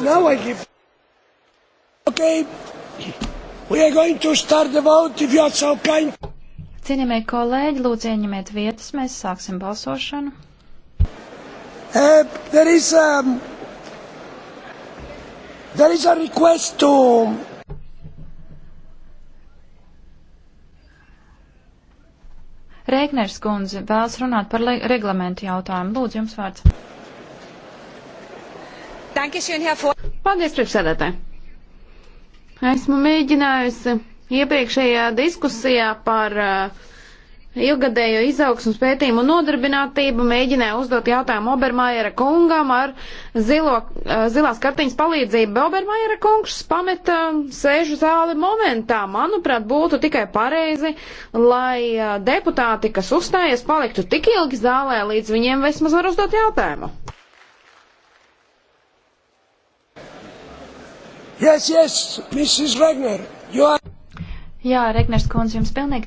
Now I give. Okay, we are going to start the vote if you are so kind. Cienījamie kolēģi, lūdzu ieņemiet vietas, mēs sāksim balsošanu. Uh, there is, um, there is a request to Rēkners kundze vēlas runāt par reglamentu jautājumu. Lūdzu, jums vārds. Paldies, priekšsēdētāji! Esmu mēģinājusi iepriekšējā diskusijā par uh, ilgadējo izaugsmas pētījumu un nodarbinātību mēģināja uzdot jautājumu Obermaiera kungam ar zilo, uh, zilās kartiņas palīdzību. Obermaiera kungs pameta um, sēžu zāli momentā. Manuprāt, būtu tikai pareizi, lai uh, deputāti, kas uzstājies, paliktu tik ilgi zālē, līdz viņiem vismaz var uzdot jautājumu. Yes, yes, Mrs. Regner, you are... Jā, Regners kundze, jums pilnīgi